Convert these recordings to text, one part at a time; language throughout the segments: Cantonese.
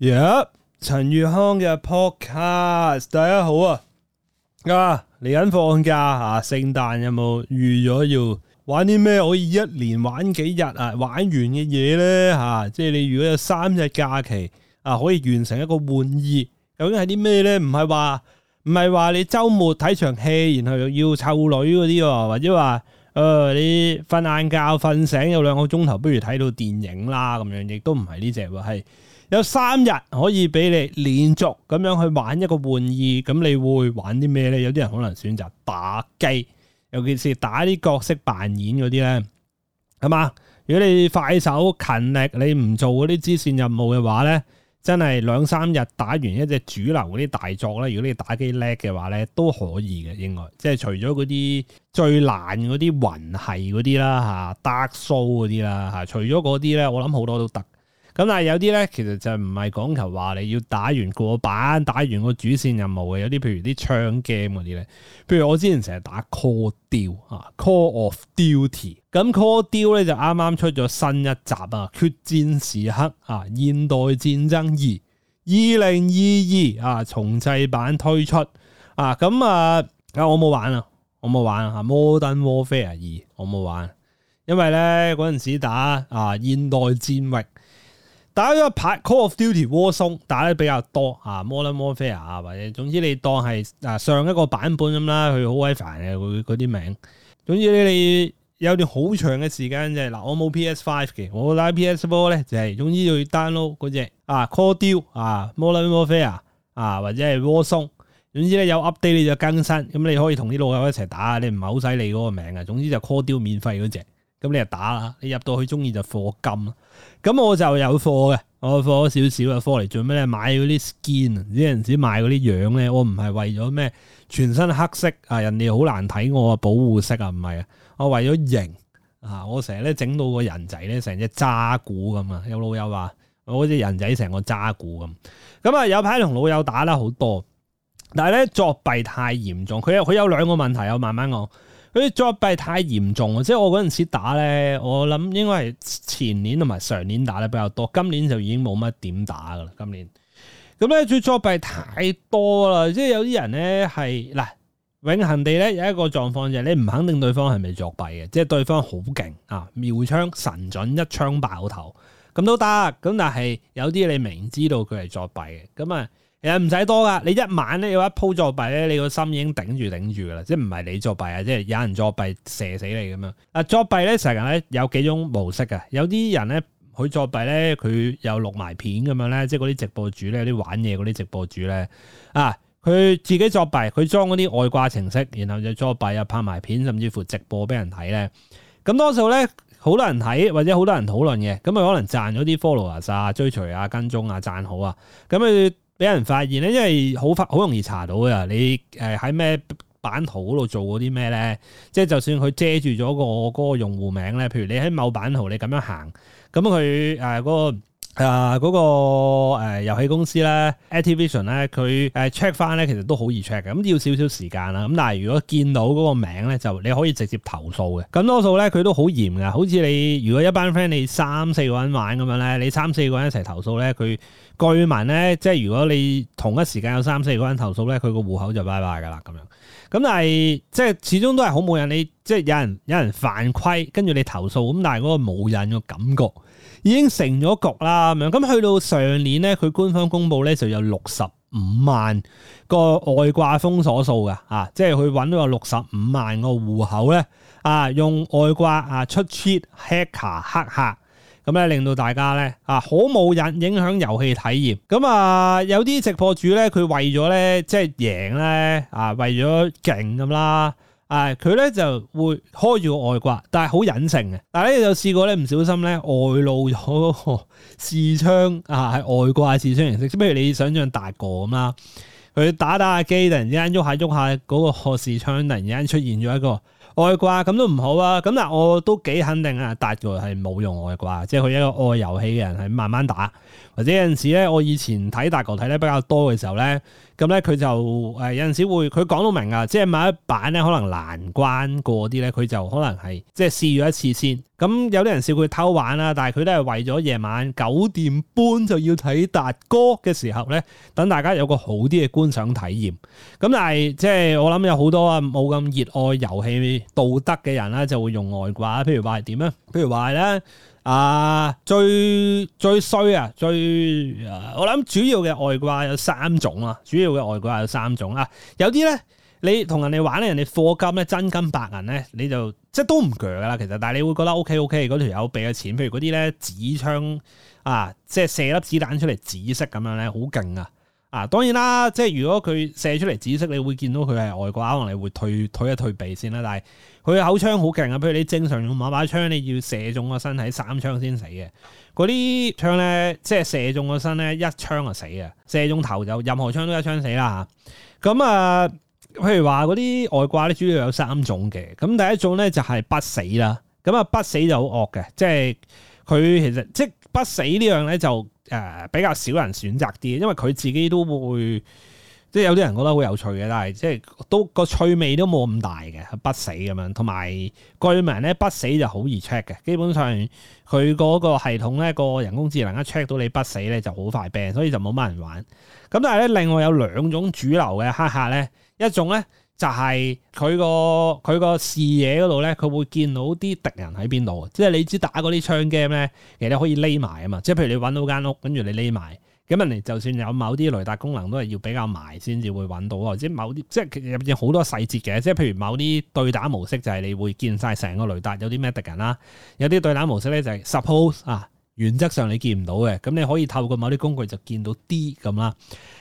耶！陳玉康嘅 podcast，大家好啊。啊，嚟緊放假吓，聖誕有冇預咗要玩啲咩可以一連玩幾日啊？玩完嘅嘢咧吓，即係你如果有三日假期啊，可以完成一個玩意，究竟係啲咩咧？唔係話唔係話你周末睇場戲，然後又要湊女嗰啲，或者話誒你瞓晏覺，瞓醒有兩個鐘頭，不如睇到電影啦，咁樣亦都唔係呢只係。有三日可以俾你連續咁樣去玩一個玩意，咁你會玩啲咩咧？有啲人可能選擇打機，尤其是打啲角色扮演嗰啲咧，係嘛？如果你快手勤力，你唔做嗰啲支線任務嘅話咧，真係兩三日打完一隻主流嗰啲大作咧。如果你打機叻嘅話咧，都可以嘅，應該即係除咗嗰啲最難嗰啲魂系嗰啲啦吓，Dark Souls 嗰啲啦吓，除咗嗰啲咧，我諗好多都得。咁但係有啲咧，其實就唔係講求話你要打完個版，打完個主線任務嘅。有啲譬如啲槍 game 嗰啲咧，譬如我之前成日打 Call Du 啊，Call of Duty，啊。咁 Call Du 咧、啊、就啱啱出咗新一集啊，決戰時刻啊，現代戰爭二，二零二二啊，重製版推出啊。咁啊，啊我冇玩啊，我冇玩啊，Modern Warfare 二我冇玩，因為咧嗰陣時打啊現代戰域。打咗一排 Call of Duty Warzone 打得比較多啊，Modern Warfare 啊，War fare，或者總之你當係嗱上一個版本咁啦，佢好鬼煩嘅佢嗰啲名，總之咧你，你有段好長嘅時間即係嗱，我冇 PS5 嘅，我打 PS4 咧就係、是、總之要 download 嗰隻啊 Call of Duty 啊 Modern Warfare 啊或者係 Warzone，總之咧有 update 你就更新，咁你可以同啲老友一齊打，你唔係好使你嗰個名啊，總之就 Call of Duty 免費嗰隻。咁你就打啦，你入到去中意就課金啦。咁我就有課嘅，我課咗少少嘅課嚟。做咩？咧，買啲 skin，呢陣時買嗰啲樣咧，我唔係為咗咩，全身黑色啊，人哋好難睇我啊，保護色啊，唔係啊，我為咗型啊，我成日咧整到個人仔咧成隻渣古咁啊！有老友話，我好似人仔成個渣古咁。咁啊，有排同老友打啦好多，但係咧作弊太嚴重，佢有佢有兩個問題啊，我慢慢講。佢作弊太嚴重，即係我嗰陣時打咧，我諗應該係前年同埋上年打得比較多，今年就已經冇乜點打㗎喇。今年咁咧，最、嗯、作弊太多啦！即係有啲人咧係嗱，永恆地咧有一個狀況就係你唔肯定對方係咪作弊嘅，即係對方好勁啊，瞄槍神準一槍爆頭咁都得。咁但係有啲你明知道佢係作弊嘅咁啊。嗯其實唔使多噶，你一晚咧有一鋪作弊咧，你個心已經頂住頂住噶啦，即係唔係你作弊啊，即係有人作弊射死你咁樣。啊，作弊咧成日咧有幾種模式噶，有啲人咧佢作弊咧，佢有錄埋片咁樣咧，即係嗰啲直播主咧，有啲玩嘢嗰啲直播主咧，啊，佢自己作弊，佢裝嗰啲外掛程式，然後就作弊啊，拍埋片，甚至乎直播俾人睇咧，咁多數咧好多人睇或者好多人討論嘅，咁啊可能賺咗啲 followers 啊，追隨啊、跟蹤啊、讚好啊，咁佢。俾人發現咧，因為好快、好容易查到啊！你誒喺咩版圖嗰度做嗰啲咩咧？即係就算佢遮住咗個嗰個用戶名咧，譬如你喺某版圖你咁樣行，咁佢誒嗰個誒嗰個誒遊戲公司咧，Activision 咧，佢誒 check 翻咧，其實都好易 check 嘅。咁要少少時間啦。咁但係如果見到嗰個名咧，就你可以直接投訴嘅。咁多數咧，佢都好嚴㗎。好似你如果一班 friend 你三四個人玩咁樣咧，你三四個人一齊投訴咧，佢。據聞咧，即係如果你同一時間有三四個人投訴咧，佢個戶口就拜拜噶啦咁樣。咁但係即係始終都係好冇癮，你即係有人有人犯規，跟住你投訴，咁但係嗰個冇癮嘅感覺已經成咗局啦咁樣。咁去到上年咧，佢官方公布咧就有六十五萬個外掛封鎖數噶，吓、啊，即係佢搵到有六十五萬個戶口咧，啊，用外掛啊出 cheat hacker 黑客。咁咧，令到大家咧，啊好冇癮，影響遊戲體驗。咁，啊有啲直播主咧，佢為咗咧，即係贏咧，啊為咗勁咁啦，啊佢咧就會開住個外掛，但係好隱性嘅。但係咧就試過咧，唔小心咧外露咗個視窗啊，係外掛視窗形式。即係譬如你想象大個咁啦，佢打打下機，突然之間喐下喐下嗰個視窗，突然之間出現咗一個。外掛咁都唔好啊！咁但我都幾肯定啊，達哥係冇用外掛，即係佢一個愛遊戲嘅人係慢慢打，或者有陣時咧，我以前睇達哥睇得比較多嘅時候咧。咁咧佢就誒、呃、有陣時會佢講到明啊，即係某一版咧可能難關過啲咧，佢就可能係即係試咗一次先。咁、嗯、有啲人笑佢偷玩啦，但係佢都係為咗夜晚九點半就要睇達哥嘅時候咧，等大家有個好啲嘅觀賞體驗。咁、嗯、但係即係我諗有好多啊冇咁熱愛遊戲道德嘅人咧，就會用外掛，譬如話係點咧？譬如話係咧。啊，最最衰啊，最我諗主要嘅外掛有三種啦，主要嘅外掛有三種啦、啊，有啲咧你同人哋玩咧，人哋課金咧真金白銀咧，你就即係都唔鋸噶啦，其實，但係你會覺得 O K O K 嗰條友俾咗錢，譬如嗰啲咧，紙槍啊，即係射粒子彈出嚟，紫色咁樣咧，好勁啊！啊，當然啦，即係如果佢射出嚟紫色，你會見到佢係外掛，可能你會退退一退避先啦。但係佢嘅口槍好勁啊，譬如你正常用馬把槍，你要射中個身體三槍先死嘅。嗰啲槍咧，即係射中個身咧一槍就死嘅，射中頭就任何槍都一槍死啦嚇。咁啊，譬如話嗰啲外掛咧，主要有三種嘅。咁第一種咧就係不死啦。咁啊不死就好惡嘅，即係佢其實即不死呢樣咧就誒比較少人選擇啲，因為佢自己都會即係有啲人覺得好有趣嘅，但係即係都個趣味都冇咁大嘅不死咁樣，同埋居民咧，不死就好易 check 嘅，基本上佢嗰個系統咧個人工智能一 check 到你不死咧就好快 ban，所以就冇乜人玩。咁但係咧另外有兩種主流嘅黑客咧，一種咧。就係佢個佢個視野嗰度咧，佢會見到啲敵人喺邊度。即係你知打嗰啲槍 game 咧，其實你可以匿埋啊嘛！即係譬如你揾到間屋，跟住你匿埋，咁人哋就算有某啲雷達功能，都係要比較埋先至會揾到啊！或者某啲，即係入邊好多細節嘅，即係譬如某啲對打模式就係你會見晒成個雷達有啲咩敵人啦，有啲對打模式咧就係 suppose 啊。原則上你見唔到嘅，咁你可以透過某啲工具就見到啲咁啦。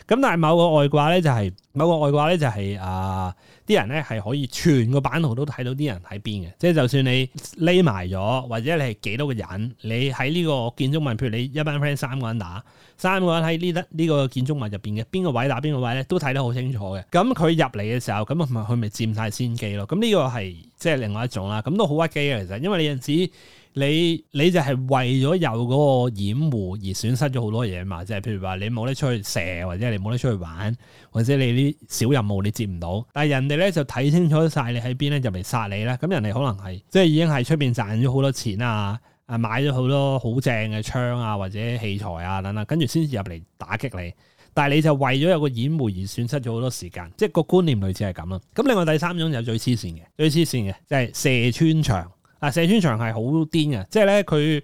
咁但係某個外掛咧、就係，就係某個外掛咧、就係，就係啊啲人咧係可以全個版圖都睇到啲人喺邊嘅。即係就算你匿埋咗，或者你係幾多個人，你喺呢個建築物，譬如你一班 friend 三個人打，三個人喺呢得呢個建築物入邊嘅，邊個位打邊個位咧，位都睇得好清楚嘅。咁佢入嚟嘅時候，咁咪佢咪佔晒先機咯。咁呢個係即係另外一種啦。咁都好屈機嘅其實，因為你有陣時。你你就係為咗有嗰個掩護而損失咗好多嘢嘛？即係譬如話你冇得出去射，或者你冇得出去玩，或者你啲小任務你接唔到。但係人哋咧就睇清楚晒你喺邊咧，入嚟殺你啦。咁人哋可能係即係已經係出邊賺咗好多錢啊，啊買咗好多好正嘅槍啊或者器材啊等等，跟住先至入嚟打擊你。但係你就為咗有個掩護而損失咗好多時間，即係個觀念類似係咁咯。咁另外第三種就係最黐線嘅，最黐線嘅即係射穿牆。啊！射穿牆係好癲嘅，即係咧佢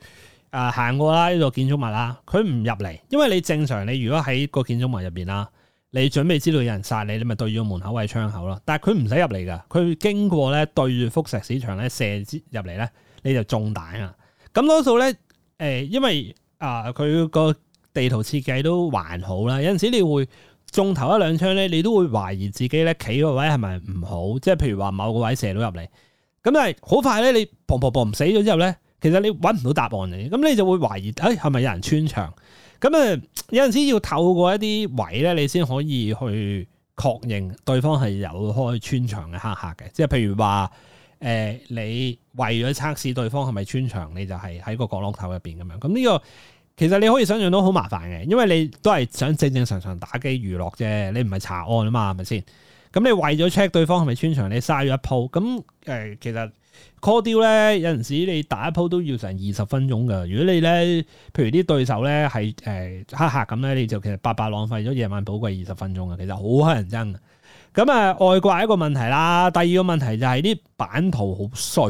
啊行過啦呢、這個建築物啦，佢唔入嚟，因為你正常你如果喺個建築物入邊啦，你準備知道有人殺你，你咪對住個門口或者窗口咯。但係佢唔使入嚟嘅，佢經過咧對住複石市場咧射之入嚟咧，你就中彈啊！咁多數咧誒，因為啊佢個地圖設計都還好啦，有陣時你會中頭一兩槍咧，你都會懷疑自己咧企個位係咪唔好？即係譬如話某個位射到入嚟。咁但係好快咧，你砰砰砰死咗之後咧，其實你揾唔到答案嘅。咁你就會懷疑，誒，係咪有人穿牆？咁啊有陣時要透過一啲位咧，你先可以去確認對方係有開穿牆嘅黑客嘅。即係譬如話，誒、呃、你為咗測試對方係咪穿牆，你就係喺個角落頭入邊咁樣。咁呢個其實你可以想象到好麻煩嘅，因為你都係想正正常常打機娛樂啫，你唔係查案啊嘛，係咪先？咁、嗯、你為咗 check 對方係咪穿牆，你嘥咗一鋪。咁、嗯、誒，其實 Call Du 咧有陣時你打一鋪都要成二十分鐘㗎。如果你咧，譬如啲對手咧係誒黑客咁咧，你就其實白白浪費咗夜晚寶貴二十分鐘啊。其實好乞人憎嘅。咁、嗯、啊、嗯，外掛一個問題啦。第二個問題就係啲版圖好衰，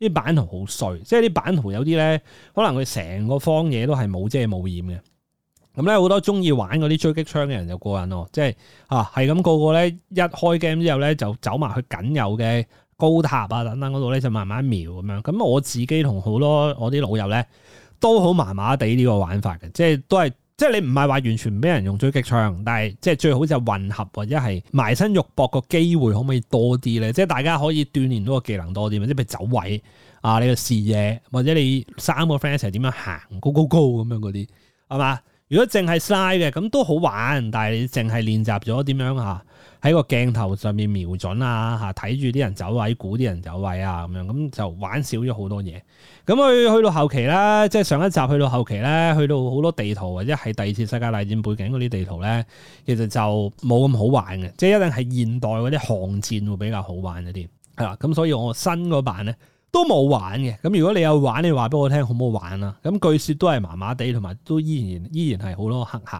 啲版圖好衰，即係啲版圖有啲咧，可能佢成個方嘢都係冇遮冇掩嘅。咁咧好多中意玩嗰啲狙擊槍嘅人就過癮咯，即係啊，係咁個個咧一開 game 之後咧就走埋去僅有嘅高塔啊等等嗰度咧就慢慢瞄咁樣。咁、嗯嗯、我自己同好多我啲老友咧都好麻麻地呢個玩法嘅，即係都係即係你唔係話完全唔俾人用狙擊槍，但係即係最好就混合或者係埋身肉搏個機會可唔可以多啲咧？即係大家可以鍛鍊到個技能多啲啊！即係譬如走位啊，你嘅視野或者你三個 friend 一齊點樣行高高高咁樣嗰啲，係嘛？如果淨係嘥嘅咁都好玩，但係你淨係練習咗點樣嚇？喺個鏡頭上面瞄準啊嚇，睇住啲人走位、估啲人走位啊咁樣，咁就玩少咗好多嘢。咁去去到後期啦，即係上一集去到後期咧，去到好多地圖或者係第二次世界大戰背景嗰啲地圖咧，其實就冇咁好玩嘅。即係一定係現代嗰啲巷戰會比較好玩一啲，係啦。咁所以我新嗰版咧。都冇玩嘅，咁如果你有玩，你話俾我聽好唔好玩啊？咁據說都係麻麻地，同埋都依然依然係好多黑客。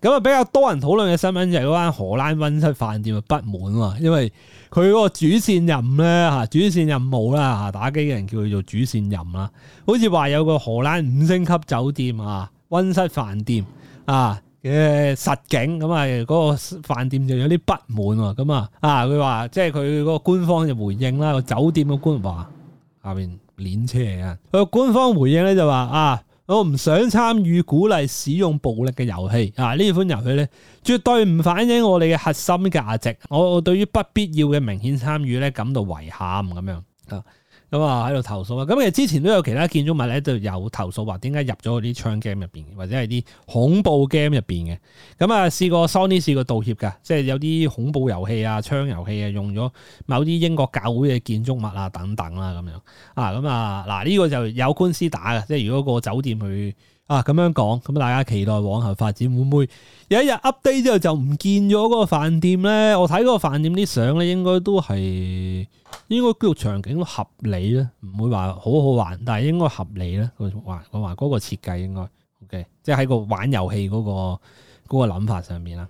咁啊，比較多人討論嘅新聞就係嗰間荷蘭溫室飯店啊不滿啊，因為佢嗰個主線任咧吓，主線任務冇啦吓，打機嘅人叫佢做主線任啦。好似話有個荷蘭五星級酒店啊，溫室飯店啊嘅實景咁啊，嗰個飯店就有啲不滿啊，咁啊啊佢話即係佢嗰個官方就回應啦，個酒店嘅官話。下面練車啊！佢官方回應咧就話啊，我唔想參與鼓勵使用暴力嘅遊戲啊！呢款遊戲咧絕對唔反映我哋嘅核心價值。我我對於不必要嘅明顯參與咧感到遺憾咁樣啊。咁啊，喺度、嗯、投訴啦！咁其實之前都有其他建築物咧，就有投訴話點解入咗啲槍 game 入邊，或者係啲恐怖 game 入邊嘅。咁、嗯、啊，試過 Sony 試過道歉嘅，即係有啲恐怖遊戲啊、槍遊戲啊，用咗某啲英國教會嘅建築物啊等等啦咁樣。啊，咁啊，嗱呢個就有官司打嘅，即係如果個酒店去。啊，咁樣講，咁大家期待往後發展會唔會有一日 update 之後就唔見咗嗰個飯店咧？我睇嗰個飯店啲相咧，應該都係應該叫場景都合理咧，唔會話好好玩，但係應該合理咧。我話我話嗰個設計應該 OK，即係喺個玩遊戲嗰個嗰、嗰個諗法上面啦。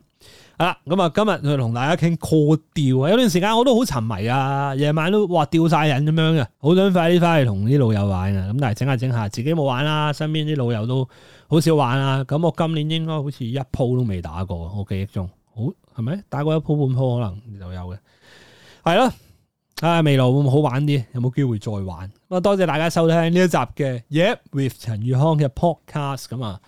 啊，咁啊、嗯，今日就同大家傾 Call Du 啊！有段時間我都好沉迷啊，夜晚都 Call Du 晒癮咁樣嘅，好想快啲翻去同啲老友玩啊！咁但係整下整下，自己冇玩啦、啊，身邊啲老友都好少玩啦、啊。咁、嗯、我今年應該好似一鋪都未打過，我記憶中好係咪？打過一鋪半鋪可能就有嘅，係咯。啊，未來會唔會好玩啲？有冇機會再玩？咁、嗯、啊，多謝大家收聽呢一集嘅 Yap、yeah、with 陳宇康嘅 podcast 咁啊！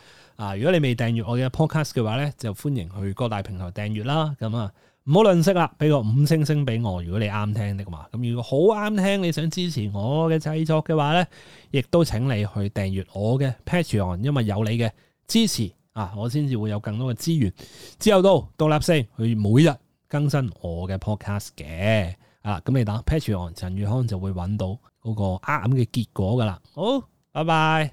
啊！如果你未訂閱我嘅 podcast 嘅話咧，就歡迎去各大平台訂閱啦。咁、嗯、啊，唔好吝嗇啦，俾個五星星俾我。如果你啱聽的嘛，咁如果好啱聽，你想支持我嘅製作嘅話咧，亦都請你去訂閱我嘅 patreon 因為有你嘅支持啊，我先至會有更多嘅資源，之後到獨立星，去每日更新我嘅 podcast 嘅。啊、嗯，咁你打 patreon 陳宇康就會揾到嗰個啱嘅結果噶啦。好，拜拜。